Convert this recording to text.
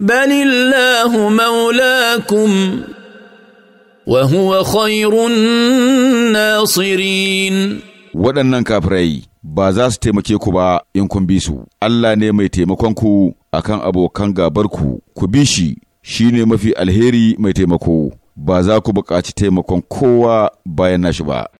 بل الله مولاكم وهو خير الناصرين waɗannan kafirai ba za su taimake ku ba in kun bi su Allah ne mai taimakonku akan abokan gabarku ku bi shi shi ne mafi alheri mai taimako ba za ku buƙaci taimakon kowa bayan nashi ba